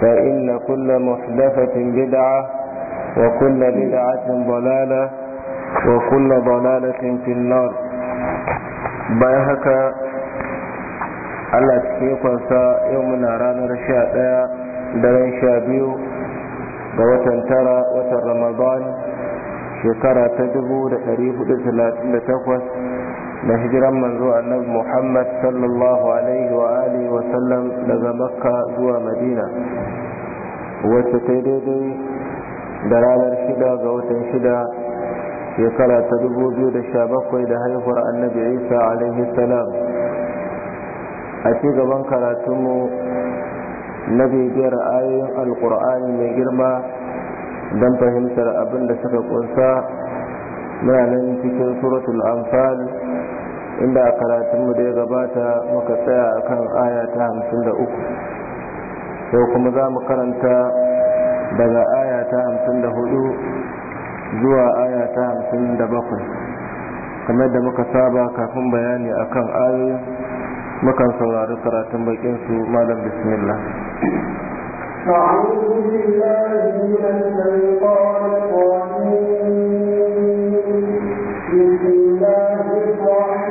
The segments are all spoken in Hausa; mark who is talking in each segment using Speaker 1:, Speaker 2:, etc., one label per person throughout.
Speaker 1: فإن كل محدثة بدعة وكل بدعة ضلالة وكل ضلالة في النار بيهك Allah cikin kwansa yau muna ranar sha ɗaya daren sha biyu ga watan tara watan Ramadan shekara ta dubu da hudu talatin da takwas da hijiran manzo annabi Muhammad sallallahu alaihi wa alihi wa sallam daga Makka zuwa Madina wacce ta daidai da ranar shida ga watan shida shekara ta dubu biyu da sha bakwai da haihuwar annabi Isa alaihi salam a ci gaban karatunmu na bibiyar ayoyin alkur'ani mai girma don fahimtar abin da suka kunsa muna nan cikin suratul anfal inda a karatunmu da ya gabata muka tsaya a kan aya ta hamsin da uku yau kuma za mu karanta daga aya ta hamsin da hudu zuwa aya ta hamsin da bakwai kamar da muka saba kafin bayani a kan ayoyi mukan saurari karatun bakinsu malam bismillah
Speaker 2: أعوذ بالله بسم الله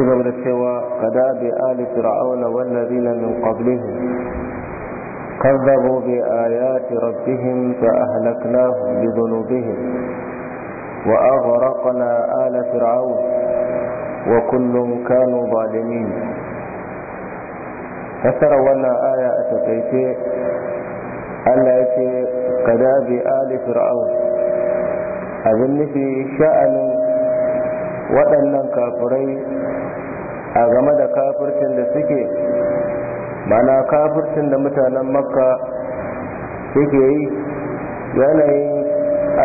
Speaker 1: سبب للسوى كداب آل فرعون والذين من قبلهم كذبوا بآيات ربهم فأهلكناهم بذنوبهم وأغرقنا آل فرعون وكل كانوا ظالمين fassara ولا آية a ألا يتي ya ce kadabi ali fir'aun abin waɗannan kafirai a game da kafircin da suke mana kafircin da mutanen makka suke yi yanayin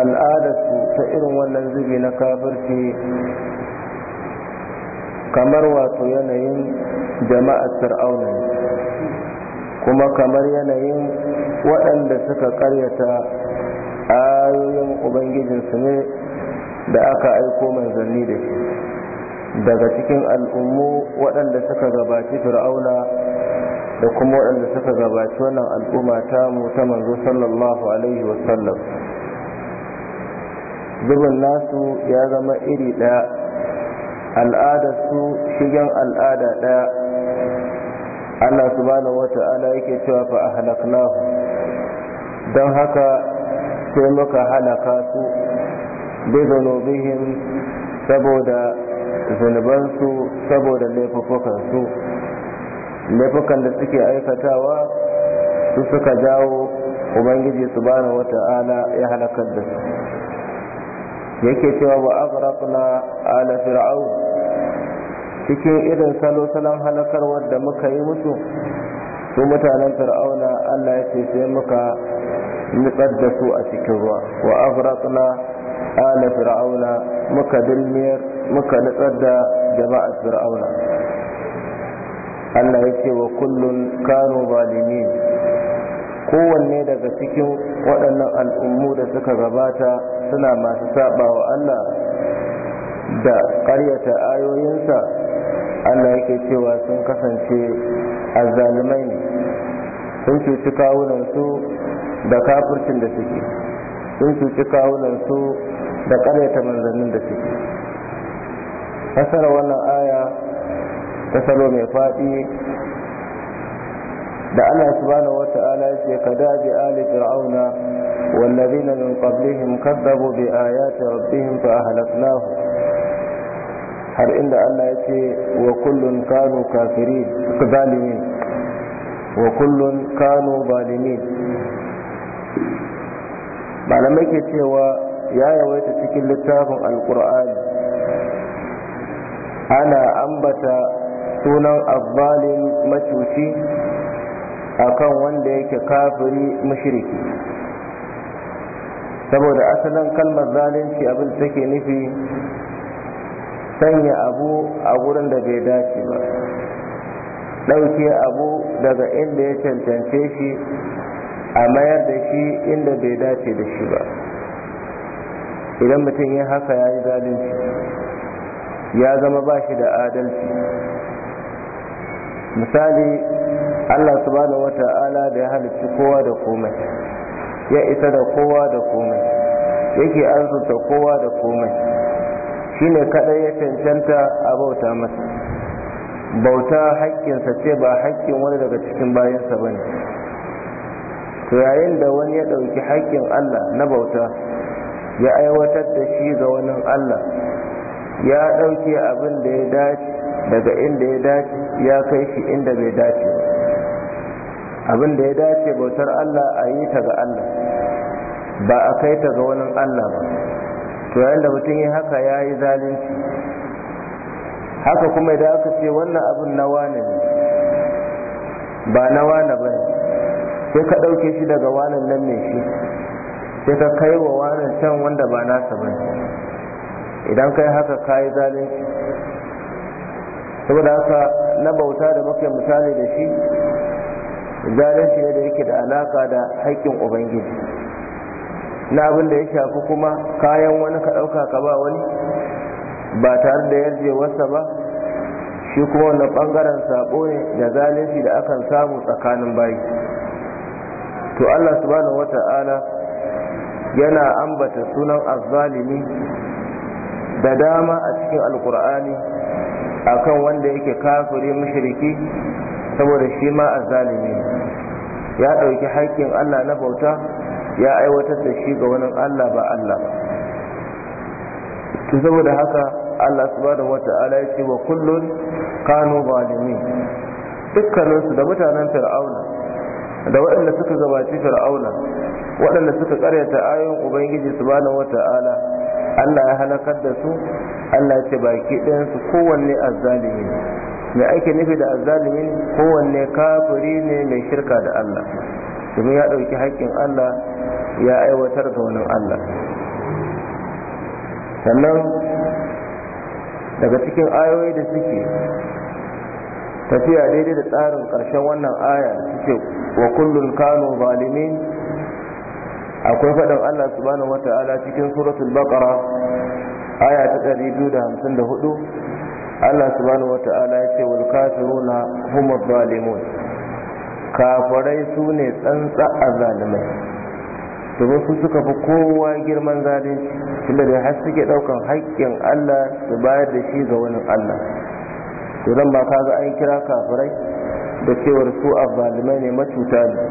Speaker 1: al'adarsu ta irin wannan zubi na kafirci kamar wato yanayin jama'ar fir'auna kuma kamar yanayin waɗanda suka karyata ayoyin ubangijinsu ne da aka aiko manzanni da shi daga cikin al'ummu waɗanda suka gabaci fir'auna da kuma waɗanda suka gabaci wannan al'umma ta mu ta manzo sallallahu alaihi wasallam zubin nasu ya zama iri ɗaya su shigen al'ada ɗaya allah subhanahu wata'ala yake cewa fa a ahlaknahu don haka sai muka halaka su بذنوبهم saboda zunubansu saboda laifukansu laifukan da suke aikatawa su suka jawo ubangiji subhanahu wata'ala ya halakar da su yake cewa wa na ala fir'aun cikin irin salo salon halakarwar da muka yi musu su mutanen fir'auna Allah ya ce sai muka nutsar da su a cikin ruwa wa na. ala fir'auna muka dilmiyar muka nutsar da jama'ar fir'auna Allah ya ce wa kullun Kano zalimin kowanne daga cikin waɗannan al'ummu da suka gabata suna masu saba wa Allah da ƙaryata ayoyinsa Allah yake cewa sun kasance azzalumai ne sun cuci kawunansu da kafircin da suke sun cuci kawunansu da ta manzannin da suke fasara wannan aya ta salo mai faɗi da Allah subhanahu ala ya ce ka dabi ali fir'auna wallazina min qablihim kadzabu bi ayati rabbihim fa ahlaknahum har inda Allah ya ce wa kullun kanu kafirin zalimin wa kullun kanu zalimin malamai ke cewa ya yawaita cikin littafin alkur'ani ana ambata sunan abbalin macuci akan wanda yake kafiri mushiriki, saboda asalin kalmar zalunci abin take nufi sanya abu a wurin da bai dace ba ɗauke abu daga inda ya cancance shi a mayar da shi inda bai dace da shi ba idan mutum ya haka ya yi zalunci ya zama ba shi da adalci misali allah subhanahu wa ta'ala da ya halicci kowa da komai ya isa da kowa da komai yake arzuta kowa da komai shi ne kadai ya cancanta a bauta masa bauta haƙƙinsa ce ba haƙƙin wani daga cikin bayansa ba ne to yayin da wani ya ɗauki haƙƙin allah na bauta ya aiwatar da shi ga wani Allah ya ɗauke abin da ya dace daga inda ya dace ya kai shi inda bai dace ba abin da ya dace bautar Allah a yi ta ga Allah ba a kai ta ga wani Allah ba to yayin mutum ya haka ya yi zalunci haka kuma idan aka ce wannan abin na wane ne ba na wane ba ne sai ka ɗauke shi daga wani nan ne shi sai ka kai wa wani can wanda ba nasa ba idan kai haka ka yi zalunci saboda haka na bauta da muke misali da shi zalunci ne da yake da alaka da haƙƙin ubangiji na abin da ya shafi kuma kayan wani ka ɗauka ka ba wani ba tare da yarjewarsa ba shi kuma wannan ɓangaren saɓo ne da zalunci da akan samu tsakanin bayi to allah subhanahu ta'ala. yana ambata sunan azzalimi da dama a cikin alkur'ani akan wanda yake kafiri mushriki saboda shi ma azzalimi ya ɗauki haƙƙin Allah na bauta ya aiwatar da shi ga wani Allah ba Allah saboda haka Allah subhanahu wata'ala ya ce wa kullun kanu zalimin dukkaninsu da mutanen fir'auna da waɗanda suka gabaci fir'auna waɗanda suka karyata ayoyin ubangiji subhanahu wata'ala Allah ya halakar da su Allah ya ce baki ɗayan su kowanne azzalimi me ake nufi da azzalimi kowanne kafiri ne mai shirka da Allah domin ya ɗauki haƙƙin Allah ya aiwatar da wani Allah sannan daga cikin ayoyi da suke tafiya daidai da tsarin ƙarshen wannan aya suke wa kullun kanu zalimin akwai faɗin Allah subhanahu wata'ala cikin suratul baqara aya ta 254 Allah subhanahu wata'ala ya ce wal kafiruna hum zalimun kafirai su ne tsantsa azalimai domin su suka fi kowa girman zalunci tunda da har suke daukan haƙƙin Allah su bayar da shi ga wani Allah to nan ba ka ga an kira kafirai da cewar su azzalimai ne macuta ne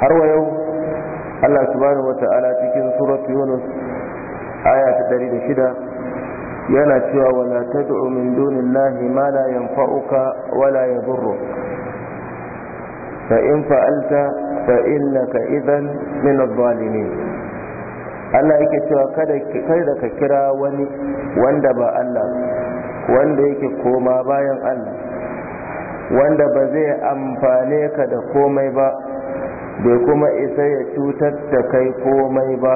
Speaker 1: har wa yau Allah subhanahu wata'ala cikin suratu Yunus aya ta 106 yana cewa wala tad'u min dunillahi ma la yanfa'uka wala yadurruk fa in fa'alta fa innaka idan min adh-dhalimin Allah yake cewa kada kada ka kira wani wanda ba Allah wanda yake koma bayan Allah wanda ba zai amfane ka da komai ba bai kuma isa ya cutar da kai komai ba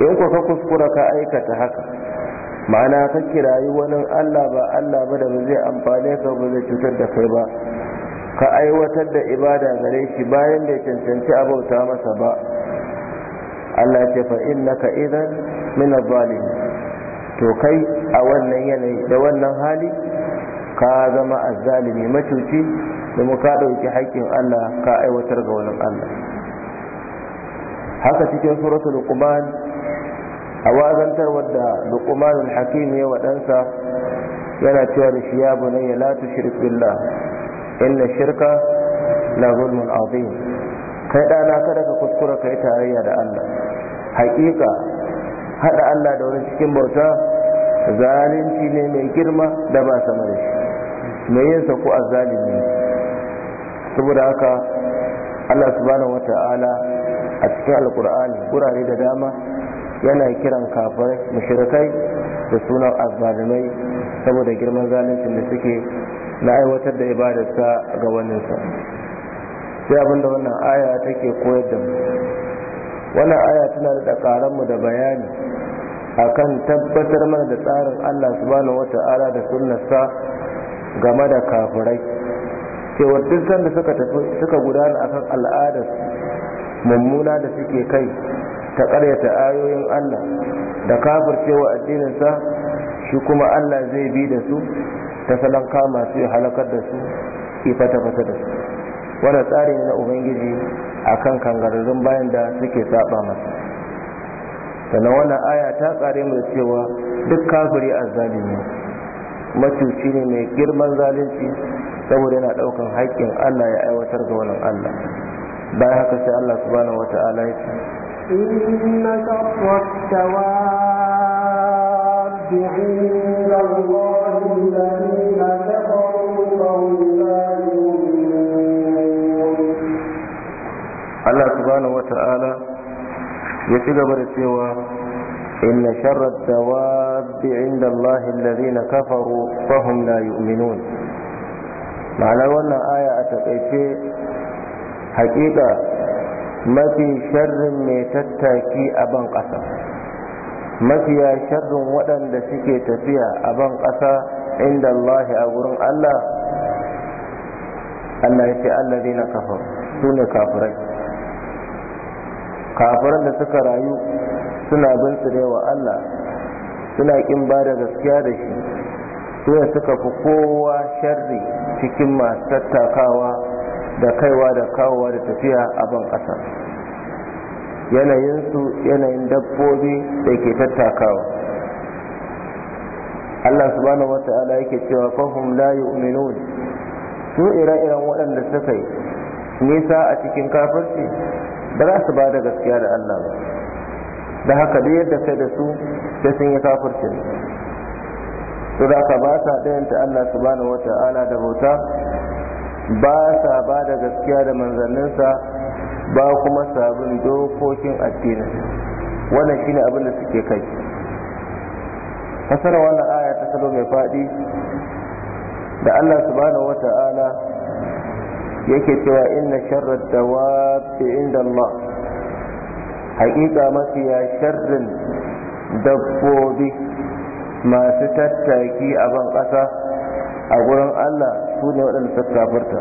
Speaker 1: in ku ka kuskura ka aikata haka ma'ana ka kirayi wani Allah ba Allah ba da ba zai amfane ka ba zai cutar da kai ba ka aiwatar da ibada gare shi bayan bai cancanci abauta masa ba Allah ce fa innaka idan min adh to kai a wannan yanayi da wannan hali ka zama azzalimi macuci mu ka ɗauki haƙƙin Allah ka aiwatar ga wani Allah haka cikin suratul luqman a wazantar wadda luqmanul hakim ya waɗansa yana cewa da shi ya bunayya la tushrik billah inna shirka la zulmun azim kai ɗana kada ka kuskura kai tarayya da Allah haƙiƙa haɗa Allah da wani cikin bauta zalunci ne mai girma da ba sama da shi mai yin sako a zalimi saboda haka Allah su subhanahu Ta'ala a cikin alkur'ani gurare da dama yana kiran kafar mashirkai da sunan azalimai, saboda girman zaluncin da suke na aiwatar da ibadarsa ga sa sai abinda wannan aya take koyar da mu wannan aya tana da mu da bayani akan tabbatar mana da tsarin Allah subhanahu ta'ala da sunnarsa game da kafirai cewa duk sanda suka tafi suka gudana akan al'adar mummuna da suke kai ta ƙaryata ayoyin Allah da kafircewa addininsa shi kuma Allah zai bi da su ta salon kama su halakar da su ifata-fata da su wannan tsari ne na ubangiji akan kangararrun bayan da suke saba masa sannan wannan aya ta kare mu da cewa duk kafiri zalimi macuci ne mai girman zalunci saboda yana daukan haƙƙin Allah ya aiwatar ga wannan Allah bayan haka sai Allah subhanahu ala ya ce
Speaker 2: inna
Speaker 1: Allah subhanahu ta'ala ya ci gaba da cewa inna sharra dawabi inda Allah alladhina kafaru fahum la yu'minun ma'anar wannan aya a takaice hakika mafi sharrin mai tattaki a ban ƙasa mafiya sharrin waɗanda suke tafiya a ban ƙasa inda Allah a gurin Allah Allah ya ce Allah zai na kafar su ne kafirai kafiran da suka rayu suna bin wa Allah suna kin ba da gaskiya da shi sai suka fi kowa sharri cikin masu tattakawa da kaiwa da kawowa da tafiya a ban ƙasa yanayinsu yanayin dabbobi da ke tattakawa Allah subhanahu wata'ala yake cewa fahim la yu'minun su ira-iran waɗanda suka yi nisa a cikin kafirci ba za su ba da gaskiya da Allah ba da haka duk yadda kai da su sai sun yi kafircin to da ka ba sa ɗayanta Allah subhanahu wata'ala da bauta ba sa ba da gaskiya da manzanninsa ba kuma sabon dokokin addini wannan shine abin da suke kai fasara wannan aya ta salo mai faɗi da Allah subhanahu wata'ala yake cewa inna wa dawabi inda Allah haƙiƙa mafiya sharrin dabbobi masu tattaki a ban ƙasa a gurin Allah su ne waɗanda suka kafirta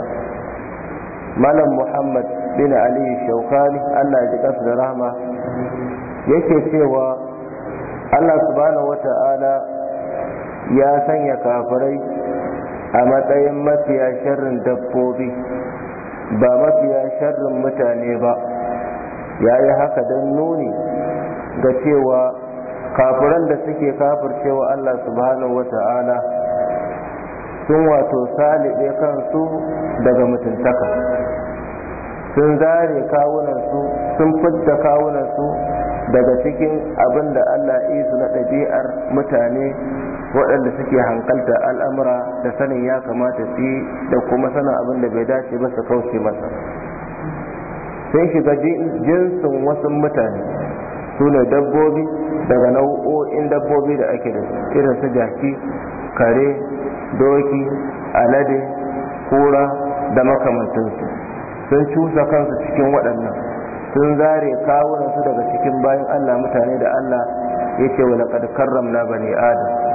Speaker 1: malam muhammad bin ali shaukani Allah ji ƙasa da rahama yake cewa Allah subhanahu wata'ala ya sanya kafirai a matsayin mafiya sharrin dabbobi ba mafiya sharrin mutane ba ya yi haka don nuni ga cewa kafiran da suke kafircewa Allah subhanahu wa ta'ala sun wato salibe kansu daga mutuntaka sun zare kawunansu sun fidda kawunansu daga cikin abin da Allah isu na ɗabi'ar mutane waɗanda suke hankalta al'amura da sanin ya kamata su da kuma sanin abin da bai dace ba su kauce masa sai shiga jinsin wasu mutane su ne dabbobi daga nau'o'in dabbobi da ake da irin su jaki kare doki alade kura da makamantansu sun cusa kansu cikin waɗannan sun zare kawunansu daga cikin bayan allah mutane da allah ya ce wa laƙad karramna bani adam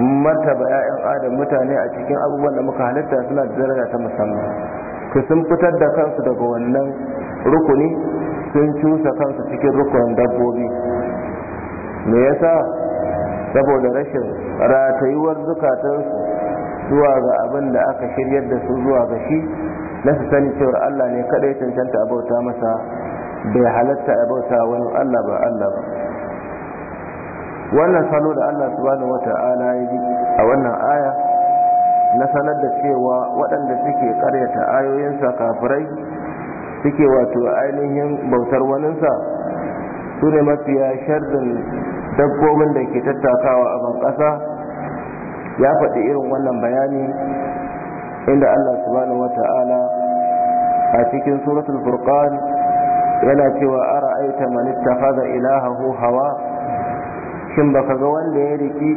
Speaker 1: martaba 'ya'yan adam mutane a cikin abubuwan da muka halitta suna da daraja ta musamman ku sun fitar da kansu daga wannan rukuni sun cusa kansu cikin rukunin dabbobi me yasa saboda rashin ratayuwar zukatansu zuwa ga abin da aka shiryar da su zuwa ga shi na su sani cewar Allah ne kaɗai cancanta abauta masa bai halatta abauta wani Allah ba Allah ba wannan salo da Allah subhanahu wata'ala ya yi a wannan aya na sanar da cewa waɗanda suke karyata ayoyinsa kafirai suke wato ainihin bautar waninsa su ne mafiya sharrin dabbobin da ke tattakawa a ban ƙasa ya faɗi irin wannan bayani inda Allah subhanahu wata'ala a cikin suratul furqan yana cewa ara aita man ittakhadha ilahahu hawa shin baka ga wanda ya riki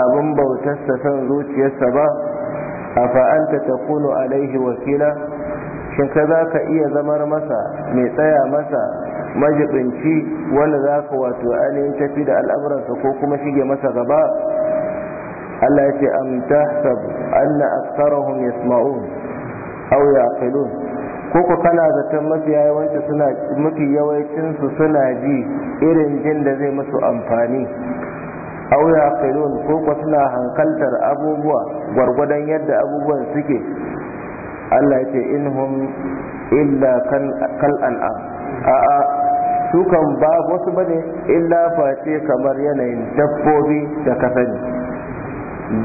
Speaker 1: abin bautarsa son zuciyarsa ba a fa'anta ta kuno alaihi wakila shin ka za ka iya zamar masa mai tsaya masa majibinci wanda za ka wato ainihin tafi da al'amuransa ko kuma shige masa gaba Allah ce am tahsab anna aktharahum yasma'un aw yaqilun ko kana zaton mafi yawanci suna mafi yawancin su suna ji irin jin da zai musu amfani auya filon ko ko suna hankaltar abubuwa gwargwadon yadda abubuwan suke allah ya ce inhum illa kal an'am a'a su kan ba wasu bane illa face kamar yanayin dabbobi da kasani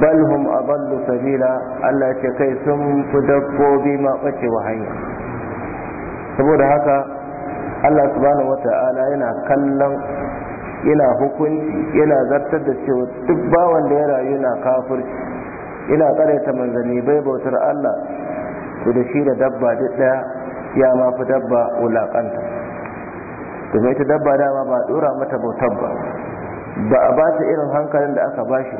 Speaker 1: balhum bal hum sabila allah ya ce kai sun fi dabbobi ma wa hanya saboda haka Allah subhanahu wata'ala yana kallon yana hukunci yana zartar da cewa duk bawan da ya rayu yana kafirci kare ta manzanni bai bautar Allah to da shi da dabba duk daya ya ma fi dabba wulaƙanta, domin ita dabba dama ba dora mata bautar ba ba a ba ta irin hankalin da aka bashi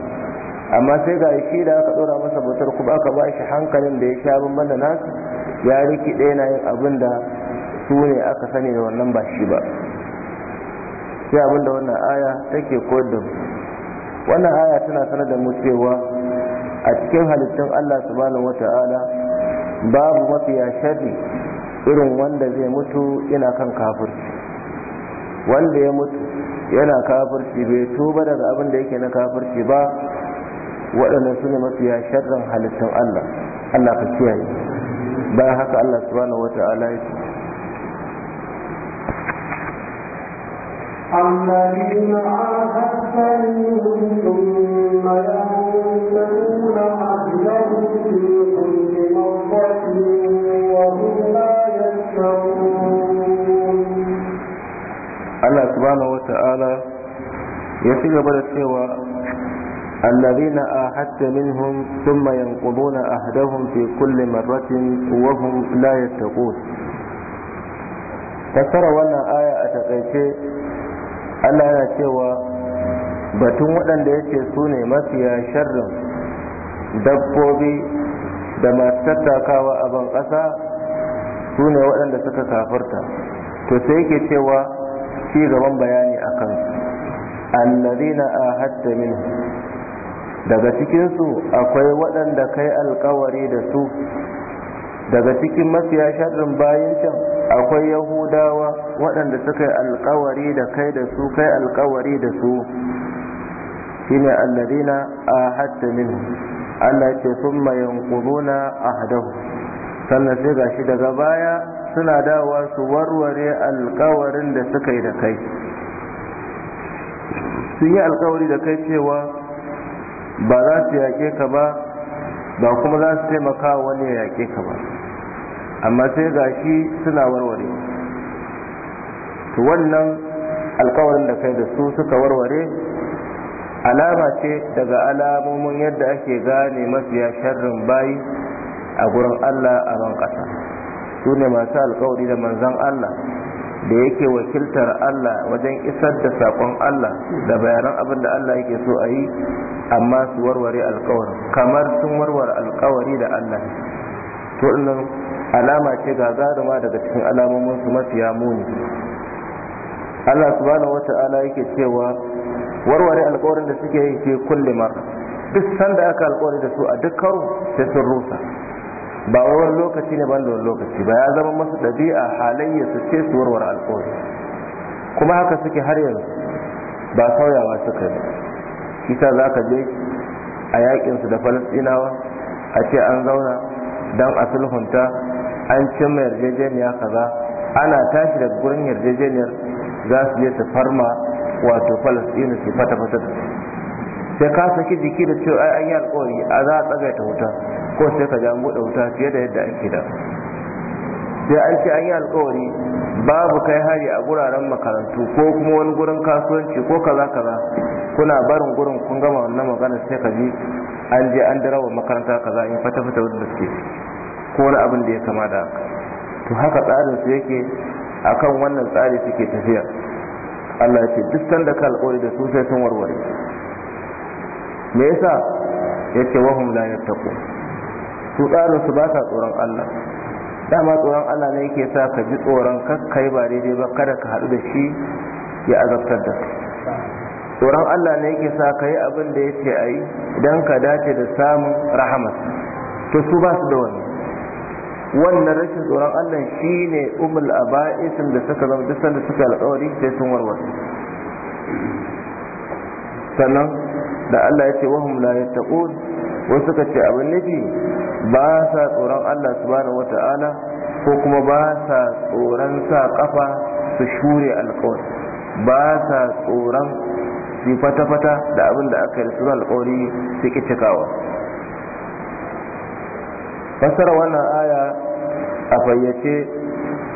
Speaker 1: amma sai ga shi da aka dora masa bautar kuma aka bashi hankalin da ya sha bamban nasu ya riki ɗaya na yin abin da su ne aka sani da wannan ba shi ba sai abinda wannan aya take kodin da mu wannan aya tana sanar da mu cewa a cikin halittun Allah subhanahu ta'ala babu ya sharri irin wanda zai mutu yana kan kafirci wanda ya mutu yana kafirci bai tuba daga abin da yake na kafirci ba waɗannan su ne ya sharrin halittun Allah Allah ka kiyaye bayan haka Allah subhanahu ta'ala ya ce
Speaker 2: الذين عاهدت منهم ثم ينتهون عهدهم في كل مرة وهم لا يشعرون
Speaker 1: الله سبحانه وتعالى يسير بلا سوى الذين آهدت منهم ثم ينقضون عهدهم في كل مرة وهم لا يتقون فترى wannan آية a takaice Allah yana cewa batun waɗanda yake su ne mafiya sharrin dabbobi da masu tattakawa a ban ƙasa su ne waɗanda suka kafarta to sai yake cewa shi gaban bayani a kansu allazina ahadda minhu daga cikinsu akwai waɗanda kai alkawari da su daga cikin mafiya sharrin bayan can akwai yahudawa waɗanda suka yi alkawari da kai da su kai alkawari da su Shi ne allarina a minhu Allah ce summa a hadahu. sannan sai gashi daga baya suna dawa su warware alkawarin da suka yi da kai sun yi alkawari da kai cewa ba za su yaƙe ka ba ba kuma za su taimaka wani ya yaƙe ka ba amma sai ga shi suna warware to wannan alkawarin da kai da su suka warware alama ce daga alamomin yadda ake gane mafiya sharrin bayi a gurin Allah a ran ƙasa su ne masu alkawari da manzan Allah da yake wakiltar Allah wajen isar da saƙon Allah da bayanan abin da Allah yake so a yi amma su warware alkawarin kamar sun warware alkawari da Allah to alama ce ga gagaruma daga cikin alamomin su mafiya muni Allah subhanahu wata'ala yake cewa warware alkawarin da suke yi ke kulle duk sanda aka alkawari da su a duk karo sai sun rusa ba wai wani lokaci ne ban da wani lokaci ba ya zama masu ɗabi'a halayya su ce su warware alkawari kuma haka suke har yanzu ba sauyawa suka yi shi za ka je a yaƙinsu da falastinawa a ce an zauna don a sulhunta an cimma yarjejeniya kaza ana tashi daga gurin yarjejeniyar za su je su farma wato falastinu su fata fata da sai ka saki jiki da cewa ai an yi alkawari a za a ta wuta ko sai ka ja buɗe wuta fiye da yadda ake da sai an ce an yi alkawari babu kai hari a guraren makarantu ko kuma wani gurin kasuwanci ko kaza kaza kuna barin gurin kun gama wannan magana sai ka ji an je an darawa makaranta kaza in fata fata wadda suke ko wani abin da ya kama da haka to haka tsarin su yake akan wannan tsari suke tafiya Allah ya ce duk sanda ka alƙawari da su sai sun warware me yasa yace wahum la yattaqu su tsarin su ba sa tsoron Allah dama tsoron Allah ne yake sa ka ji tsoron kakkai ba daidai ba kada ka haɗu da shi ya azabtar da tsoron Allah ne yake sa ka yi abin da yake ayi idan ka dace da samun rahamas to su ba su da wani wannan rashin tsoron Allah shine umul aba'isin da suka zama duk sanda suka alƙawari sai sun warware sannan da Allah ya ce wahum la yattaqun wasu suka ce abin nufi ba sa tsoron Allah subhanahu wata'ala ko kuma ba sa tsoron sa kafa su shure alƙawari ba sa tsoron su fata-fata da abin da aka yi su alƙawari su ƙi cikawa fasara wannan aya a fayyace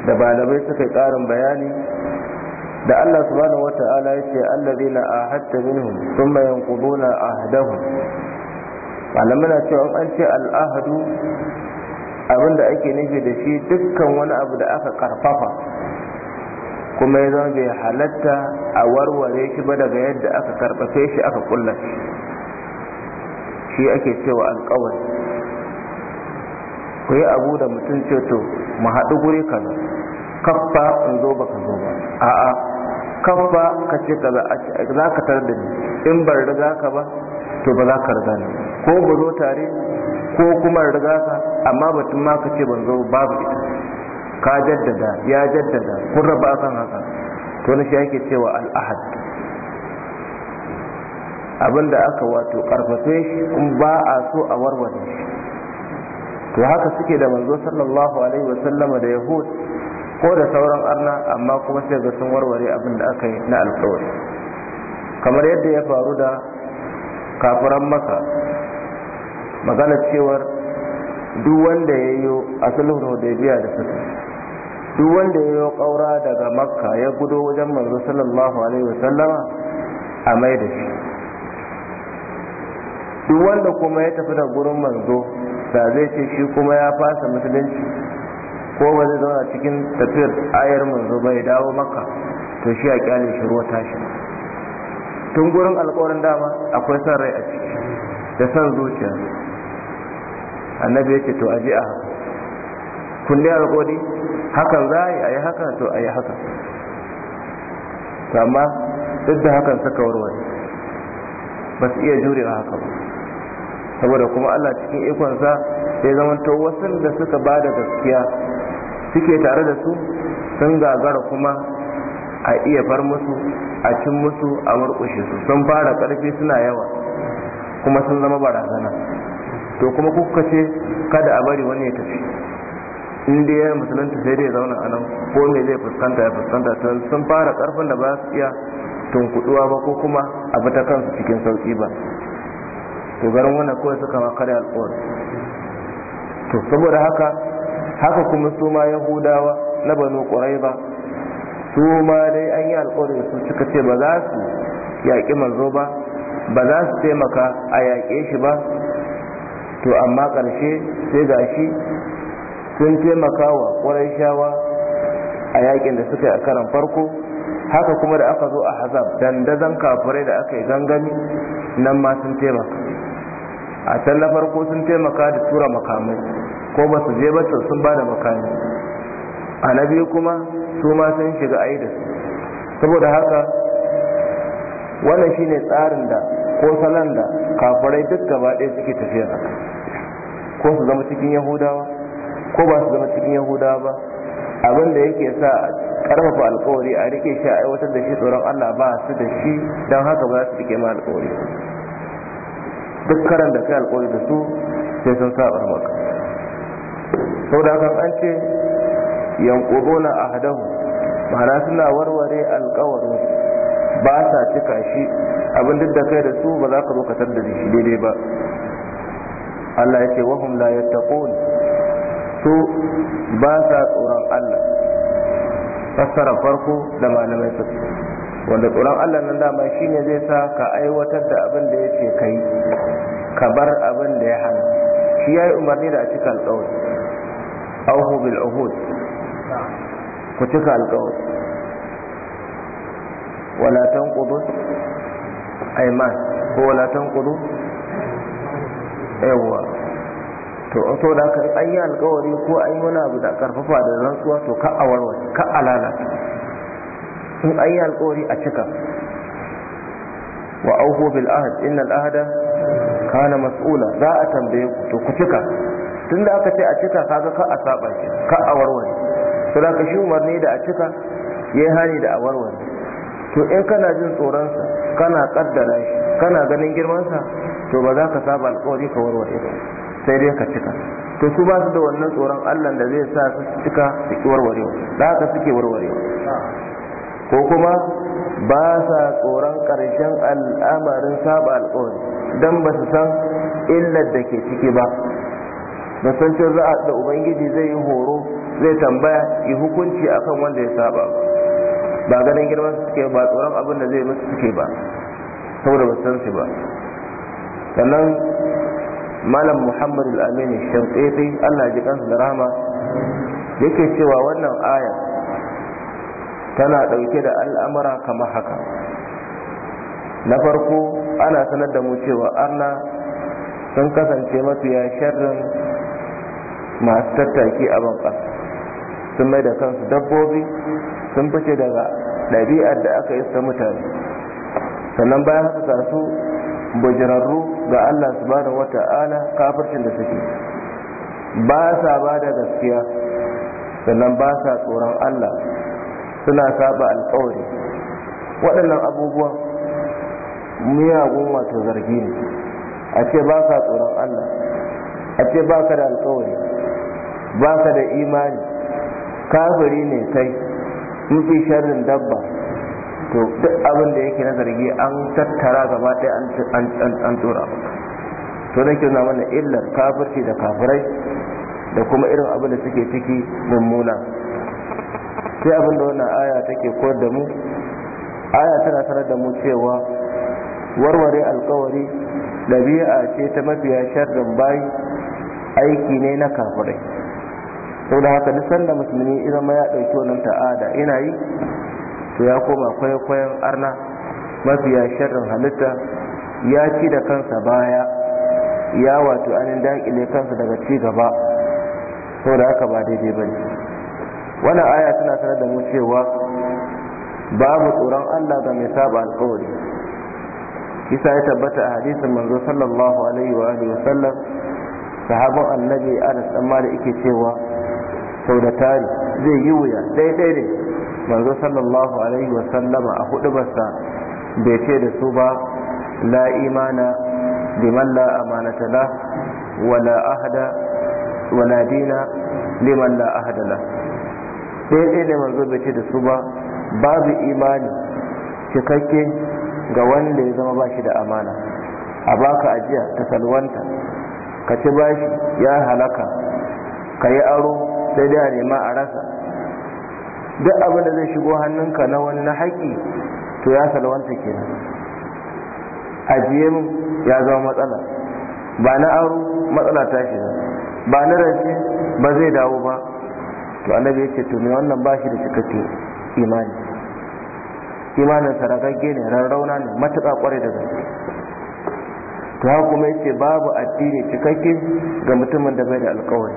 Speaker 1: da balabai suka yi ƙarin bayani da Allah subhanahu wata'ala ya ce allazina ahadta minhum thumma yanquduna ahdahum malamai na cewa an ce al'ahadu abinda ake nufi da shi dukkan wani abu da aka karfafa kuma ya zama bai halatta a warware shi ba daga yadda aka karfafe shi aka kulla shi ake cewa alkawari ku yi abu da mutum ce to mu haɗu guri kaza kaffa in zo baka zo ba a'a kaffa ka ce ka za ka tar da ni in ban riga ka ba to ba za ka riga ni ko ba zo tare ko kuma riga ka amma batun ma ka ce ban zo babu ita ka jaddada ya jaddada kun raba akan haka to na shi ake cewa al'ahad abinda aka wato karfafe shi kuma ba a so a warware shi to haka suke da manzo sallallahu alaihi wa sallama da yahud ko da sauran arna amma kuma sai ga sun warware abin da aka yi na alkawari kamar yadda ya faru da kafiran maka magana cewar duk wanda ya yi a sulhun hudaybiya da suka duk wanda ya yi kaura daga makka ya gudo wajen manzo sallallahu alaihi wa sallama a mai da shi duk wanda kuma ya tafi da gurin manzo da zai ce shi kuma ya fasa musulunci ko ba zai zauna cikin tafiyar ayar manzo bai dawo maka to shi a kyale shi ruwa tashi tun gurin alkawarin dama akwai son rai a ciki da son zuciya annabi ya ce to ji a haka kunne alkawari hakan za a yi haka to a yi haka amma duk da hakan saka warware ba su iya jurewa haka ba saboda kuma Allah cikin ikonsa sai to wasan da suka ba da gaskiya suke tare da su sun gagara kuma a iya far musu a cin musu a murƙushe su sun fara ƙarfi suna yawa kuma sun zama barazana to kuma kuka ce kada a bari wani ya tafi in dai ya musulunci sai dai zauna a nan ko me zai fuskanta ya fuskanta sun fara ƙarfin da ba su iya tunkuɗuwa ba ko kuma a bi ta kansu cikin sauƙi ba to garin wannan kawai suka ma karya to saboda haka haka kuma su ma yahudawa na banu ƙwarai ba su ma dai an yi alƙawari su suka ce ba za su yaƙi manzo ba ba za su taimaka a yaƙe shi ba to amma ƙarshe sai ga shi sun taimaka wa ƙwarai shawa a yaƙin da suka yi a karan farko haka kuma da aka zo a hazab dandazon kafirai da aka yi gangami nan ma sun taimaka a can na farko sun taimaka da tura makamai ko ba su je ba sun ba da makami a na biyu kuma su ma sun shiga aida saboda haka wannan shine tsarin da ko salon da kafirai duk gaba ɗaya suke tafiya a ko su zama cikin yahudawa ko ba su zama cikin yahudawa ba abin da yake sa a karfafa alkawari a rike shi a aiwatar da shi tsoron allah ba su da shi don haka ba za su rike ma alkawari duk karan da kai alkawari da su sai sun sabar maka da aka an ce a hadahu, ma'ana suna warware alkawari ba sa cika shi abin duk da kai da su ba za ka zo ka tar da shi daidai ba Allah ya ce wahum la yattaqun su ba sa tsoron Allah fassara farko da malamai su wanda tsoron Allah nan dama shine zai sa ka aiwatar da abin da ce kai ka bar abin da ya hana shi ya yi umarni da a cika alƙawari auhu bil uhud ku cika alƙawari wala tanqudu ayman ko wala tanqudu yawwa to to da ka an yi alƙawari ko an yi wani abu da karfafa da rantsuwa to ka a ka a lalata sun ayi alƙawari a cika wa auhu bil inna al ahda kana mas'ula za a tambaye ku to ku cika tunda aka ce a cika kaga ka a saba shi ka a warware to da ka shi umarni da a cika yayi hani da a warware to in kana jin tsoron sa kana kaddara shi kana ganin girman sa to ba za ka saba alƙawari ka warware ba sai dai ka cika to su ba su da wannan tsoron Allah da zai sa su cika su warwarewa za ka suke warwarewa ko kuma ba sa tsoron ƙarshen al'amarin saba alƙawari don ba su san illar da ke ciki ba ba san cin za'a da ubangiji zai yi horo zai tambaya yi hukunci akan wanda ya saba ba ba ganin girman suke ba tsoron abin da zai musu suke ba saboda ba san shi ba sannan malam Muhammadu al shan tsefe, allah ji kansa da rahama yake cewa wannan aya tana ɗauke da al'amura kamar haka na farko ana sanar da mu cewa allah sun kasance mafiya sharrin masu tattaki a banka sun mai da kansu dabbobi sun fice daga ɗabi'ar da aka yi mutane sannan bayan haka kasu bujirarru ga allah Su wata wata'ala kafircin da suke ba sa ba da gaskiya sannan ba sa tsoron allah suna saba alkawari waɗannan abubuwa miyagun wato zargi ne a ce ba ka tsoron allah a ce ba ka da alkawari ba ka da imani kafiri ne kai fi sharrin dabba to duk abin da yake na zargi an tattara gaba ɗaya an tsora to da ke mana illar kafirci da kafirai da kuma irin abin da suke ciki mummuna sai abin da wannan aya take koyar da mu aya tana sanar da mu cewa warware alkawari ɗabi'a ce ta mafiya sharrin bayi aiki ne na kafirai saboda haka duk sanda musulmi idan ma ya ɗauki wannan ta'ada ina yi to ya koma kwaikwayon arna mafiya sharrin halitta ya ci da kansa baya ya wato anin daƙile kansa daga ci gaba saboda haka ba daidai ba ne wannan aya tana sanar da mu cewa babu tsoron Allah ga mai saba alƙawari kisa ya tabbata a hadisin manzo sallallahu alaihi wa alihi wasallam sahabban annabi Anas dan Malik yake cewa sau da tari zai yi wuya daidai ne manzo sallallahu alaihi wa sallama a hudubarsa bai ce da su ba la imana liman la amanata la wala ahada wala dina liman la ahada la sai ɗaya da manzo bai ce da su ba babu imani cikakke ga wanda ya zama ba shi da amana a baka ajiya ta salwanta ka ci bashi ya halaka ka yi aro sai dai a nema a rasa duk abinda zai shigo hannunka na wani na haƙƙi to ya salwanta kenan ajiye min ya zama matsala ba na aro matsala ta shiga ba na rance ba zai dawo ba to annabi ya ce to me wannan ba shi da cikakke imani imanin saragagge ne rarrauna ne matuƙa kwarai da gaske to haka kuma ya babu addini cikakke ga mutumin da bai da alkawari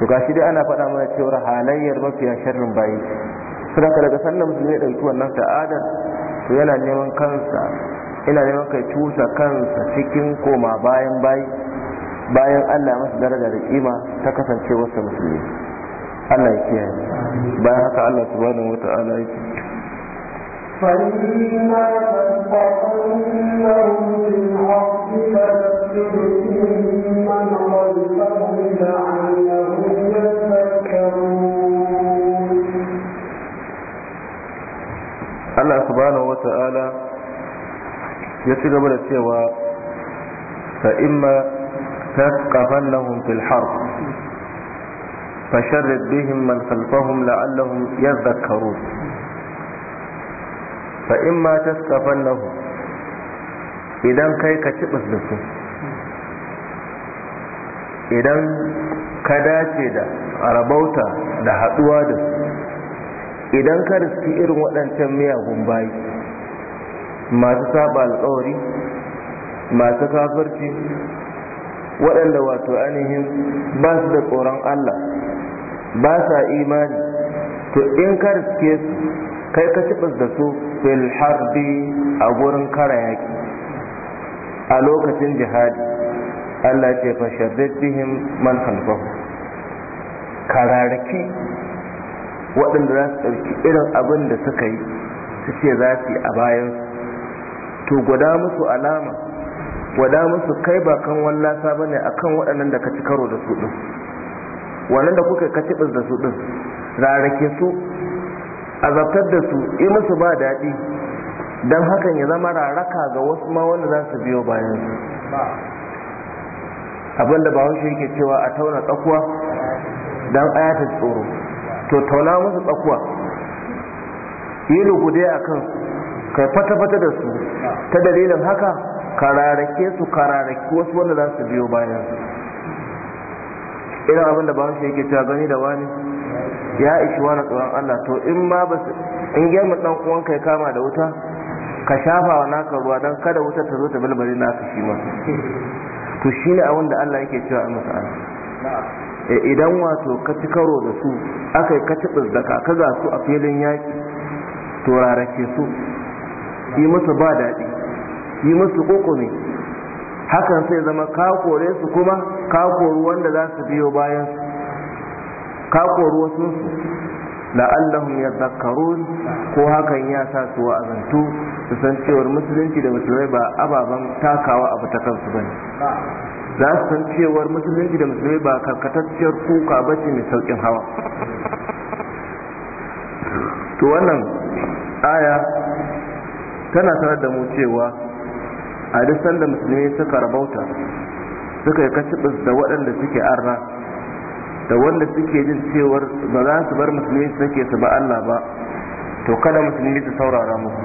Speaker 1: to gashi dai ana faɗa mana cewar halayyar mafiya sharrin bayi suna ka daga sannan musulmi ya ɗauki wannan ta'adar to yana neman kansa ina neman kai cusa kansa cikin koma bayan bayi bayan Allah masa daraja da kima ta kasancewarsa musulmi Allah ya kiyaye bayan haka Allah subhanahu wata'ala ya ce فإما تنفقنهم بالحق فذكر لعلهم يذكرون الله سبحانه وتعالى يسير بلا فإما تثقفنهم في الحرب فشرد بهم من خلفهم لعلهم يذكرون فإما تسقفنهم إذا كي كتبس بسم إذا da دا ربوتا دا حدوا دا idan ka riski irin waɗancan miyagun bayi masu saba alkawari masu kafirci waɗanda wato ainihin ba su da tsoron Allah ba sa imani to in ka riske su kai ka cibas da su fil harbi a gurin kara yaki a lokacin jihadi Allah ce fa bihim man halfahu kararraki waɗanda za su ɗauki irin abin da suka yi su ce za su yi a bayan to guda musu alama guda musu kai ba kan wallasa bane akan waɗannan da ka ci karo da su ɗin wannan da kuka katibis da su din rarake su azabtar da su yi musu ba daɗi don hakan ya zama raraka ga wasu ma wanda za su biyo bayan su abinda ba haushe yake cewa a tauna tsakuwa don ayata tsoro to tauna musu tsakuwa yi rugude a kansu kai fata-fata da su ta dalilin haka ka rarake su rarake wasu wanda za su biyo bayan su irin abin da shi yake cewa gani da wani ya ishi wani tsoron Allah to in ma ba in gemu dan kuwan kai kama da wuta ka shafa wa naka ruwa dan kada wuta ta zo ta balbale naka shi ma to shi ne abin da Allah yake cewa a masa e, idan wato ka ci karo da su aka yi kaci tsirdaka ka ga su a filin yaƙi to rarake su yi musu ba daɗi yi musu ƙoƙo hakan sai zama ka kore su kuma ka kori wanda za su biyo bayan su ka kori wasu su la'allahum yadhakkarun ko hakan ya sa su wa'azantu su san cewar musulunci da musulmai ba ababen takawa abu ta kansu bane za su san cewar musulunci da musulmai ba karkatacciyar kuka ba ce mai saukin hawa to wannan aya tana sanar da mu cewa a duk sanda musulmi suka rabauta suka yi kacibis da waɗanda suke arna da wanda suke jin cewar ba za su bar musulmi su sake su ba Allah ba to kada musulmi su saurara musu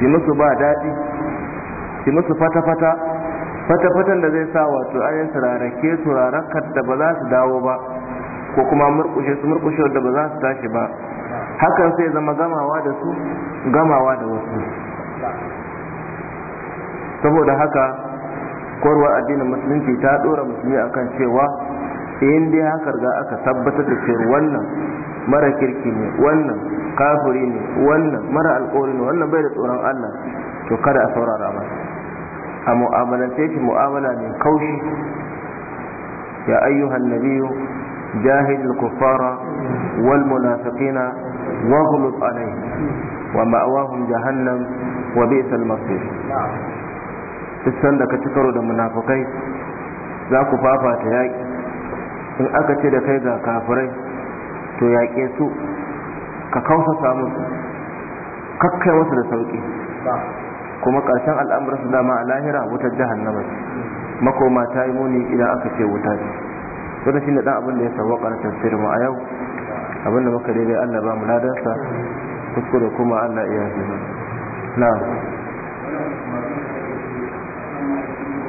Speaker 1: yi musu ba daɗi yi musu fata-fata fata-fatan da zai sa wato ayin turarake turarakar da ba za su dawo ba ko kuma murkushe su murkushe da ba za su tashi ba hakan sai zama gamawa da su gamawa da wasu saboda haka korwa addinin musulunci ta dora musulmi akan cewa in dai haka ga aka tabbatar da cewa wannan mara kirki ne wannan kafiri ne wannan mara alkawari ne wannan bai da tsoron Allah to kada a saurara ba. a mu'amalance shi mu'amala mai kaushi ya ayyuhan nabiyu jahil kuffara wal munafiqina waghlub alayhim wa ma'awahum jahannam wa bi'sal duk sanda ka ci karo da munafukai za ku fafata yaƙi in aka ce da kai ga kafirai to yaƙe su ka kausa samu kakkai wasu da sauƙi kuma ƙarshen al'amuran su dama a lahira wutar jahannama makoma ta yi muni idan aka ce wuta ce wadda shi dan abin da ya sawaka na tafsir mu a yau abin da muka daidai Allah ba mu ladansa kuskure kuma Allah iya yi na